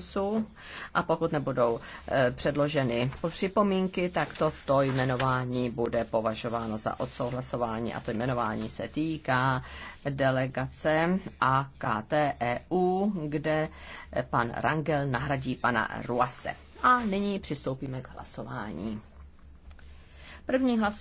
předpisů a pokud nebudou eh, předloženy připomínky, tak to, to jmenování bude považováno za odsouhlasování a to jmenování se týká delegace AKTEU, kde eh, pan Rangel nahradí pana Ruase. A nyní přistoupíme k hlasování. První hlas.